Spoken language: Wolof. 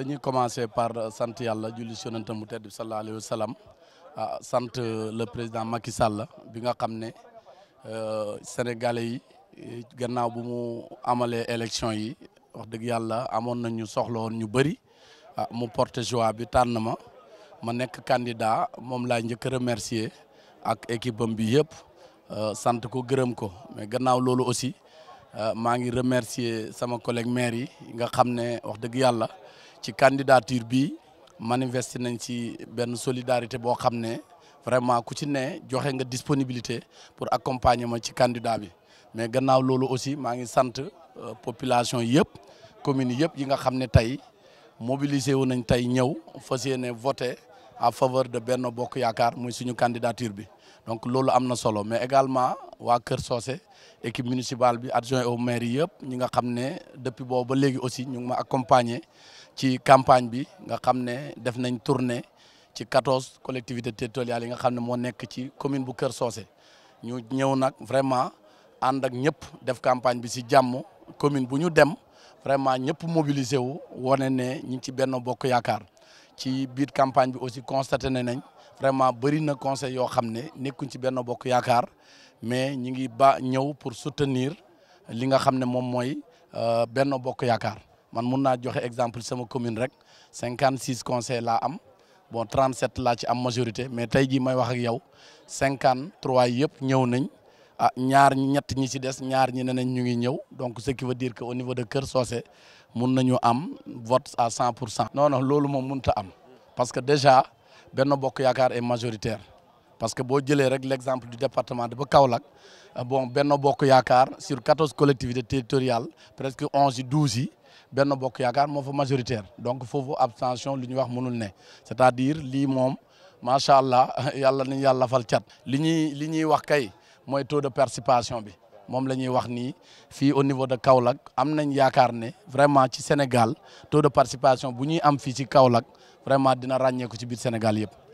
dañuy commencer par sante yalla julli si yonentam mu tedd sallallahu alayhi wa sallam ah, euh, le président Macky Sall bi nga xamné euh sénégalais yi euh, gannaaw bu mu amalé élection yi wax deug yalla amon nañu soxlo won woon ñu bëri ah, mu porte joie bi tànn ma nek candidat mom la ñëk remercier ak équipe am bi yëpp euh, sante ko gërëm ko mais gannaaw lolu aussi ma ngi remercier sama collègue maire yi nga xamné wax deug yalla ci candidature bi manifesté nañ ci ben solidarité bo xamné vraiment ku ci né joxé nga disponibilité pour accompagner ma ci candidat bi mais gannaaw lolu aussi ma ngi sante euh, population yépp commune yépp yi nga xamné tay mobiliser, mobilisé wu nañ tey ñëw à faveur de Benno Bokk Yaakaar muy suñu candidature bi donc loolu am solo mais également waa Kër Sosé, équipe municipale bi adjoint au maire yëpp ñi depuis boobu ba léegi aussi ñu ngi ma accompagner ci campagne bi nga xam ne def nañ tournée ci quatorze collectivités territoriales yi nga xam ne nekk ci commune bu Kër Sosé. ñu ñëw nag vraiment ànd ak ñëpp def campagne bi si jàmm commune bu ñu dem vraiment ñëpp mobiliser wu wane ne ñi ci Benno Bokk Yakar ci biir campagne bi aussi constaté nañ vraiment bëri na conseil yo xamné ne nekkuñ ci benn bokk yakar mais ñi ngi ba ñew pour soutenir li nga xamné mom moy mooy euh, benn bokk yakar man mun naa joxe exemple sama commune rek 56 conseils la am bon 37 la ci am majorité mais tay ji may wax ak yow 53 yëpp ñew nañ ah ñaar a ñi ci dess ñaar ñi nañ ñu ngi ñëw donc ce qui veut dire que au niveau de cœur Socé mën nañu am vote à 100% non non lolu mom mën ta am parce que déjà benn Bokk est majoritaire parce que bo jëlé rek l'exemple du département de ba euh, bon benn Bokk sur 14 collectivités territoriales presque 11, 12, 12 benn bokk mo fa majoritaire donc il abstention li ñuy wax mënul né c'est-à-dire li mom machallah yalla ni yalla fal chat li ñuy li wax kay moy taux de participation bi mom lañuy wax ni fi au niveau de Kaolack amnañ nañ né vraiment ci Sénégal taux de participation buñuy am fi ci Kaolack vraiment dina ko ci biir Sénégal yépp